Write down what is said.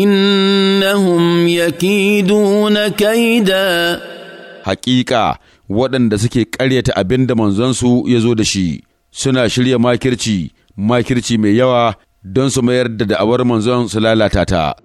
innahum yakiduna kaida hakika waɗanda suke ƙaryata abin da manzonsu ya zo da shi suna shirya makirci makirci mai yawa don su mayar da da'awar manzon su lalata ta